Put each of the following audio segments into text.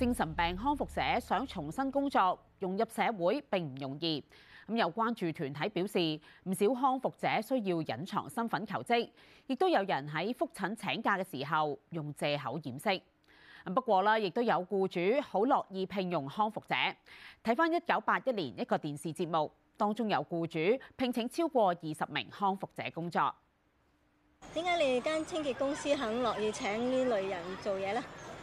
精神病康復者想重新工作，融入社會並唔容易。咁有關注團體表示，唔少康復者需要隱藏身份求職，亦都有人喺復診請假嘅時候用藉口掩飾。不過啦，亦都有僱主好樂意聘用康復者。睇翻一九八一年一個電視節目，當中有僱主聘請超過二十名康復者工作。點解你間清潔公司肯樂意請呢類人做嘢呢？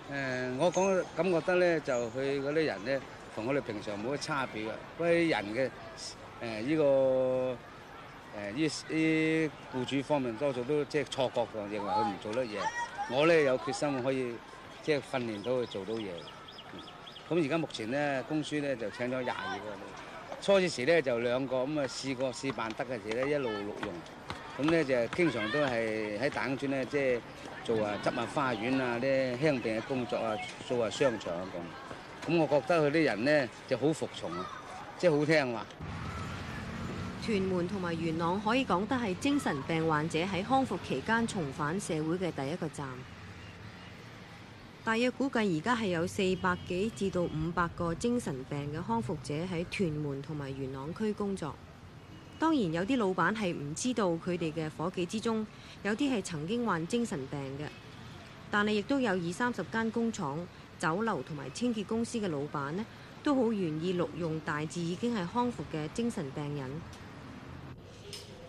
誒、呃，我講感覺得咧，就佢嗰啲人咧，同我哋平常冇乜差別啊！嗰人嘅誒呢個誒呢啲僱主方面多數都即係錯覺嘅，認為佢唔做得嘢。我咧有決心可以即係、就是、訓練到佢做到嘢。咁而家目前咧，公司咧就請咗廿二個。初時時咧就兩個咁啊、嗯，試過試辦得嘅時咧一路錄用。咁、嗯、咧、嗯、就經常都係喺等住咧，即、就、係、是。做啊，執埋花園啊，啲輕便嘅工作啊，做下商場咁、啊。咁我覺得佢啲人呢就好服從啊，即係好聽話。屯門同埋元朗可以講得係精神病患者喺康復期間重返社會嘅第一個站。大約估計而家係有四百幾至到五百個精神病嘅康復者喺屯門同埋元朗區工作。當然有啲老闆係唔知道佢哋嘅伙計之中有啲係曾經患精神病嘅，但係亦都有二三十間工廠、酒樓同埋清潔公司嘅老闆呢，都好願意錄用大致已經係康復嘅精神病人。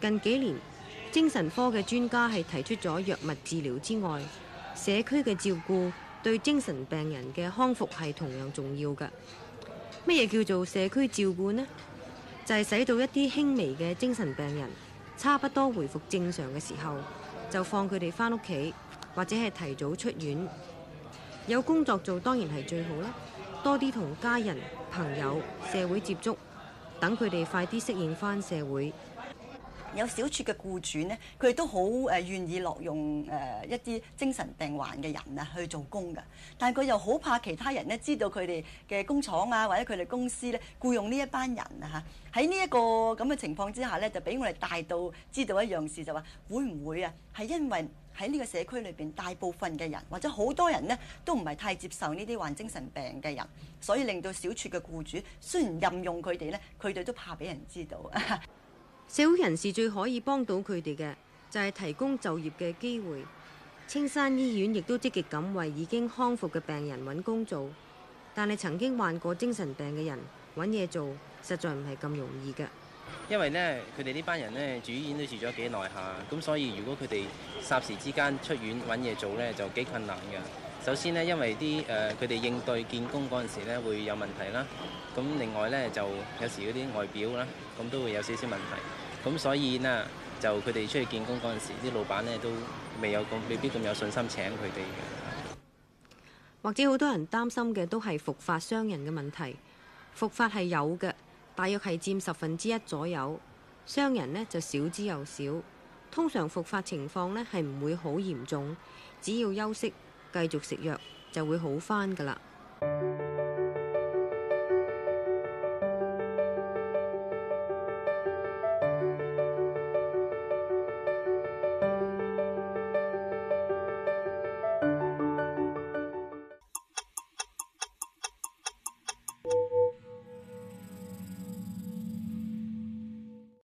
近幾年，精神科嘅專家係提出咗藥物治療之外，社區嘅照顧對精神病人嘅康復係同樣重要嘅。乜嘢叫做社區照顧呢？就係使到一啲輕微嘅精神病人，差不多回復正常嘅時候，就放佢哋返屋企，或者係提早出院。有工作做當然係最好啦，多啲同家人、朋友、社會接觸，等佢哋快啲適應返社會。有小撮嘅僱主咧，佢哋都好誒願意落用誒、呃、一啲精神病患嘅人啊去做工㗎，但係佢又好怕其他人咧知道佢哋嘅工廠啊或者佢哋公司咧僱用呢一班人啊嚇，喺呢一個咁嘅情況之下咧，就俾我哋大到知道一樣事就話會唔會啊係因為喺呢個社區裏邊大部分嘅人或者好多人咧都唔係太接受呢啲患精神病嘅人，所以令到小撮嘅僱主雖然任用佢哋咧，佢哋都怕俾人知道。社會人士最可以幫到佢哋嘅，就係提供就業嘅機會。青山醫院亦都積極咁為已經康復嘅病人揾工做，但係曾經患過精神病嘅人揾嘢做，實在唔係咁容易嘅。因為呢，佢哋呢班人呢，住醫院都住咗幾耐下，咁所以如果佢哋霎時之間出院揾嘢做呢，就幾困難嘅。首先呢，因為啲誒佢哋應對見工嗰陣時呢會有問題啦，咁另外呢，就有時嗰啲外表啦，咁都會有少少問題，咁所以呢，就佢哋出去見工嗰陣時，啲老闆呢都未有咁未必咁有信心請佢哋嘅。或者好多人擔心嘅都係復發傷人嘅問題，復發係有嘅。大約係佔十分之一左右，傷人呢就少之又少。通常復發情況呢係唔會好嚴重，只要休息、繼續食藥就會好翻㗎啦。